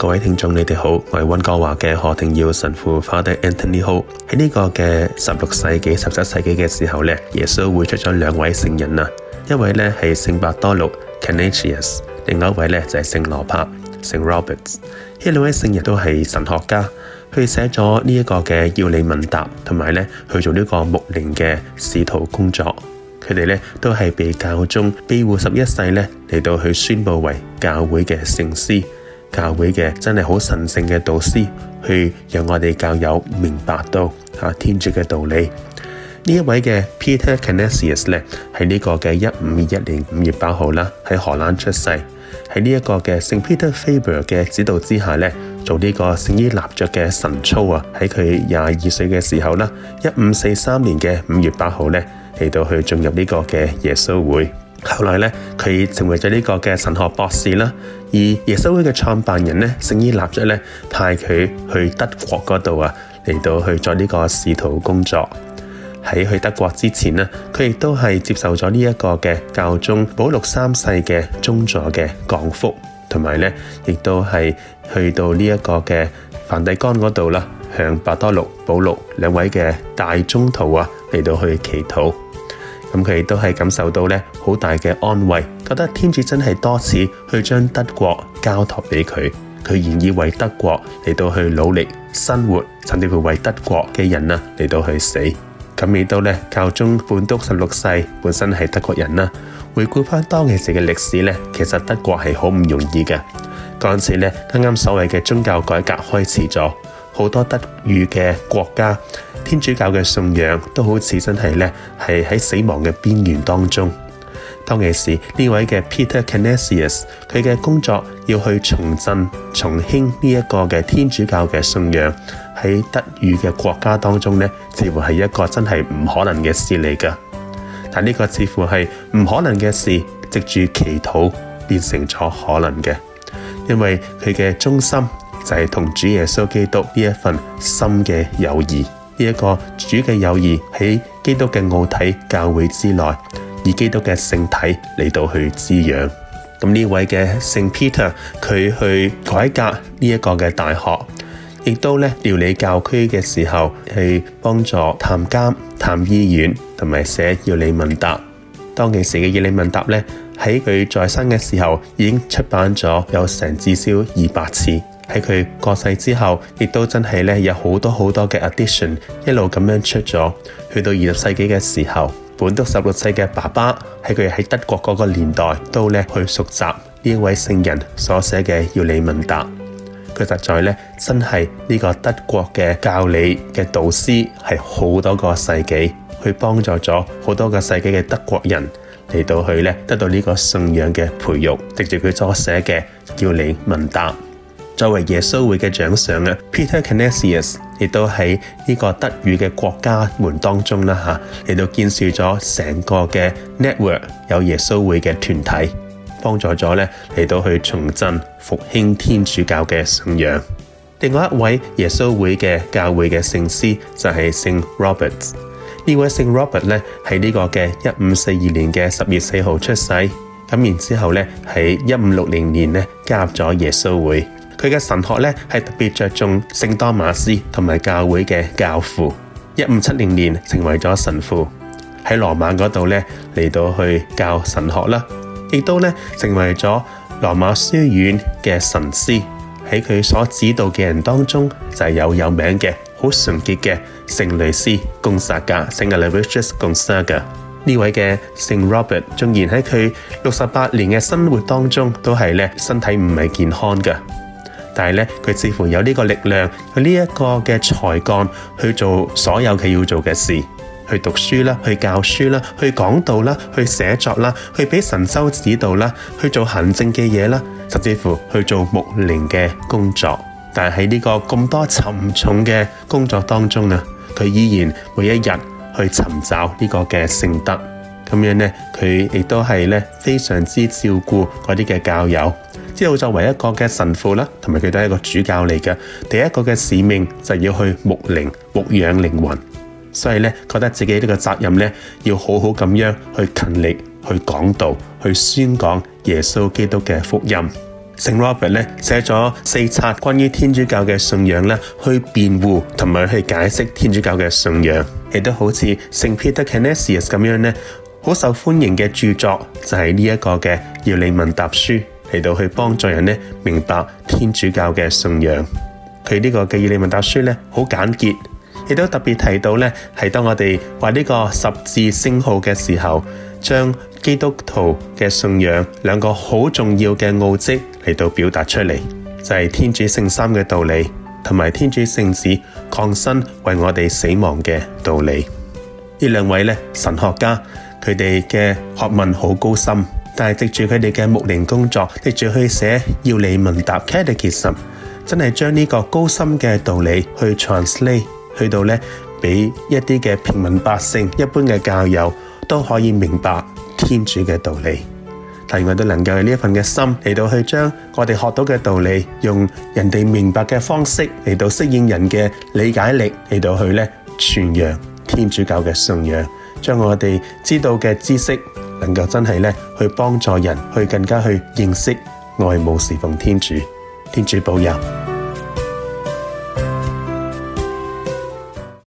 各位聽眾，你哋好，我係温哥華嘅何庭耀神父 （Father Anthony） Ho 好。喺呢個嘅十六世紀、十七世紀嘅時候咧，耶穌會出咗兩位聖人，一位咧係聖伯多禄 （Canisius），另一位咧就係聖羅柏（聖 Roberts）。呢兩位聖人都係神學家，佢哋寫咗呢一個嘅要理問答，同埋咧去做呢個牧靈嘅使徒工作。佢哋呢都係被教宗庇護十一世呢嚟到去宣布為教會嘅聖師。教會嘅真係好神聖嘅導師，去讓我哋教友明白到天主嘅道理。呢一位嘅 Peter Canisius 咧，喺呢個嘅一五二一年五月八號啦，喺荷蘭出世，喺呢一個嘅聖 Peter Faber 嘅指導之下咧，做呢個聖依納爵嘅神操啊。喺佢廿二歲嘅時候啦，一五四三年嘅五月八號咧，嚟到去進入呢個嘅耶穌會。後來咧，佢成為咗呢個嘅神學博士啦。而耶穌會嘅創辦人咧，聖依納爵派佢去德國嗰度啊，嚟到去做呢個使徒工作。喺去德國之前呢，佢亦都係接受咗呢一個嘅教宗保祿三世嘅宗座嘅降福，同埋呢亦都係去到這那裏呢一個嘅梵蒂岡嗰度啦，向伯多祿、保祿兩位嘅大宗徒啊嚟到去祈禱。咁佢亦都係感受到很好大嘅安慰，覺得天主真係多次去將德國交託俾佢，佢願意為德國嚟到去努力生活，甚至乎為德國嘅人來嚟到去死。咁而到教宗本篤十六世本身係德國人啦，回顧返當其時嘅歷史，其實德國係好唔容易㗎。嗰時時咧啱啱所謂嘅宗教改革開始咗。好多德語嘅國家，天主教嘅信仰都好似真係咧，係喺死亡嘅邊緣當中。當其時，呢位嘅 Peter Canisius，佢嘅工作要去重振、重興呢一個嘅天主教嘅信仰喺德語嘅國家當中呢，似乎係一個真係唔可能嘅事嚟㗎。但呢個似乎係唔可能嘅事，藉住祈禱變成咗可能嘅，因為佢嘅中心，就係同主耶穌基督呢一份深嘅友誼，呢一個主嘅友誼喺基督嘅奧體教會之內，以基督嘅聖體嚟到去滋養。咁呢位嘅聖 Peter 佢去改革呢一個嘅大學，亦都咧料理教區嘅時候，去幫助探監、探醫院，同埋寫要理問答。當其時嘅要理問答咧喺佢在生嘅時候已經出版咗有成至少二百次。喺佢過世之後，亦都真係有好多好多嘅 addition，一路咁樣出咗。去到二十世紀嘅時候，本篤十六世嘅爸爸喺佢喺德國嗰個年代，都咧去熟習呢位聖人所寫嘅《要理問答》。佢實在咧真係呢個德國嘅教理嘅導師，係好多個世紀去幫助咗好多個世紀嘅德國人嚟到去咧得到呢個信仰嘅培育，藉住佢所寫嘅《要理問答》。作為耶穌會嘅長上 Peter Canisius 亦都喺呢個德語嘅國家們當中啦，嚇嚟到建設咗成個嘅 network 有耶穌會嘅團體，幫助咗咧嚟到去重振復興天主教嘅信仰。另外一位耶穌會嘅教會嘅聖師就係、是、聖 Robert s 呢位聖 Robert 咧，喺呢個嘅一五四二年嘅十月四號出世，咁然之後呢，喺一五六零年呢，加入咗耶穌會。佢嘅神學呢是，特別着重聖多馬斯同埋教會嘅教父。一五七零年成為咗神父，喺羅馬嗰度咧嚟到去教神學啦，亦都呢成為咗羅馬書院嘅神師。喺佢所指導嘅人當中就是、有有名嘅好純潔嘅聖雷斯、貢薩格 （Saint l o u o 呢位嘅聖 Robert，縱然喺佢六十八年嘅生活當中都是呢身體唔健康的但係咧，佢似乎有呢個力量，有呢一個嘅才幹去做所有佢要做嘅事，去讀書啦，去教書啦，去講道啦，去寫作啦，去俾神修指導啦，去做行政嘅嘢啦，甚至乎去做牧靈嘅工作。但係喺呢個咁多沉重嘅工作當中啊，佢依然每一日去尋找呢個嘅聖德。咁樣呢，佢亦都係呢非常之照顧嗰啲嘅教友。之後作為一個嘅神父啦，同埋佢都係一個主教嚟嘅。第一個嘅使命就係要去牧靈，牧養靈魂，所以咧覺得自己呢個責任咧要好好咁樣去勤力去講道，去宣講耶穌基督嘅福音。聖羅伯咧寫咗四冊關於天主教嘅信仰啦，去辯護同埋去解釋天主教嘅信仰，亦都好似聖 Peter Canisius 咁樣咧，好受歡迎嘅著作就係呢一個嘅要理問答書。嚟到去幫助人呢，明白天主教嘅信仰，佢呢個教理問答書呢，好簡潔，亦都特別提到咧，當我哋畫呢個十字聖號嘅時候，將基督徒嘅信仰兩個好重要嘅奧蹟嚟到表達出嚟，就係天主聖三嘅道理，同埋天主聖子降生為我哋死亡嘅道理。呢兩呢兩位神學家，佢哋嘅學問好高深。但係藉住佢哋嘅牧靈工作，藉住去寫要理問答 catechism，真係將呢個高深嘅道理去 translate，去到咧俾一啲嘅平民百姓，一般嘅教友都可以明白天主嘅道理。但我哋都能夠用呢一份嘅心嚟到去將我哋學到嘅道理，用人哋明白嘅方式嚟到適應人嘅理解力嚟到去咧傳揚天主教嘅信仰，將我哋知道嘅知識，能夠真係去幫助人，去更加去認識愛慕侍奉天主，天主保佑。